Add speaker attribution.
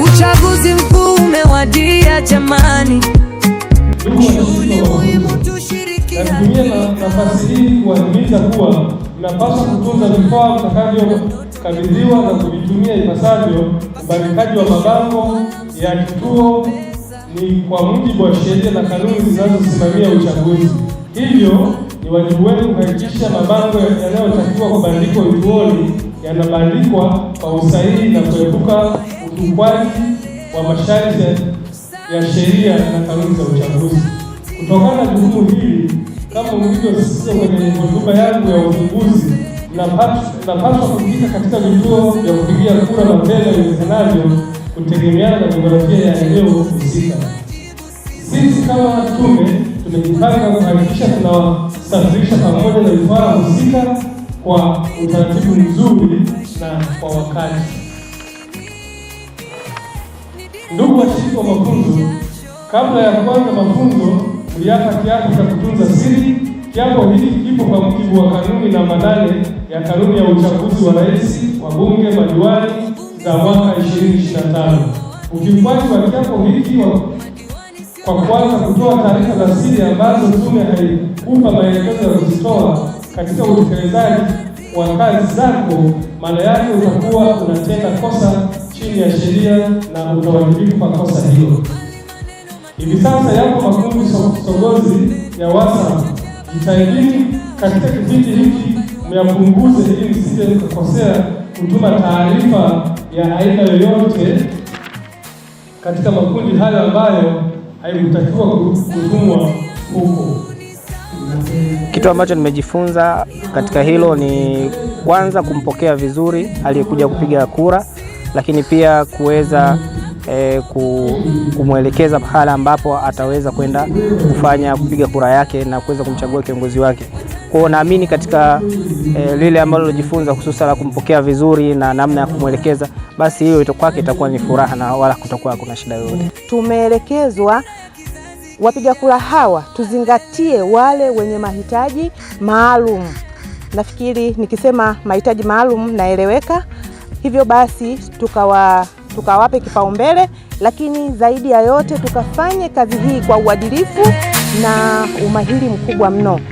Speaker 1: Uchaguzi mkuu umewadia jamani,
Speaker 2: natumia nafasi hii kuwahimiza kuwa mnapaswa kutunza vifaa mtakavyokabidhiwa na kuvitumia ipasavyo. Ubandikaji wa mabango ya kituo ni kwa mujibu wa sheria na kanuni zinazosimamia uchaguzi, hivyo ni wajibu wenu kuhakikisha mabango yanayotakiwa kubandikwa vituoni yanabandikwa kwa usahihi na kuepuka ukiukwaji wa masharti ya sheria na kanuni za uchaguzi. Kutokana na jukumu hili, kama mlivyosisitiza kwenye hotuba yangu ya ufunguzi, napaswa kufika katika vituo vya kupigia kura mapema iwezekanavyo, kutegemeana na jiografia ya eneo husika. Sisi kama tume tumejipanga kuhakikisha tunawasafirisha pamoja na vifaa husika kwa utaratibu mzuri na kwa wakati. Ndugu washiriki wa mafunzo, kabla ya kuanza mafunzo uliapa kiapo cha kutunza siri. Kiapo hiki kipo kwa mujibu wa kanuni namba nane ya kanuni ya uchaguzi wa rais, wabunge, madiwani za mwaka 2025. Ukiukwaji wa kiapo hiki kwa kuanza kutoa taarifa za siri ambazo tume haikupa maelekezo ya kuzitoa katika utekelezaji wa kazi zako, maana yake utakuwa unatenda kosa chini ya sheria na utawajibika kwa kosa hilo. Hivi sasa yako makundi sogozi ya WhatsApp, jitahidini katika kipindi hiki myapunguze, ili msije kukosea kutuma taarifa ya aina yoyote katika makundi hayo ambayo haikutakiwa kutumwa huko.
Speaker 3: Kitu ambacho nimejifunza katika hilo ni kwanza kumpokea vizuri aliyekuja kupiga kura lakini pia kuweza e, kumwelekeza mahala ambapo ataweza kwenda kufanya kupiga kura yake na kuweza kumchagua kiongozi wake. Kwa hiyo naamini katika e, lile ambalo alijifunza hususan la kumpokea vizuri na namna ya kumwelekeza, basi hiyo kwake itakuwa ni furaha na wala kutakuwa kuna shida yoyote.
Speaker 4: Tumeelekezwa wapiga kura hawa tuzingatie wale wenye mahitaji maalum. Nafikiri nikisema mahitaji maalum naeleweka. Hivyo basi tukawa tukawape kipaumbele, lakini zaidi ya yote tukafanye kazi hii kwa uadilifu na umahiri mkubwa mno.